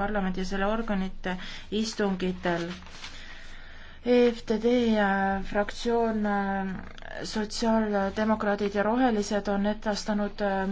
parlamendi ja selle organite istungitel. EFTD fraktsioon, äh, sotsiaaldemokraadid ja rohelised on edastanud äh,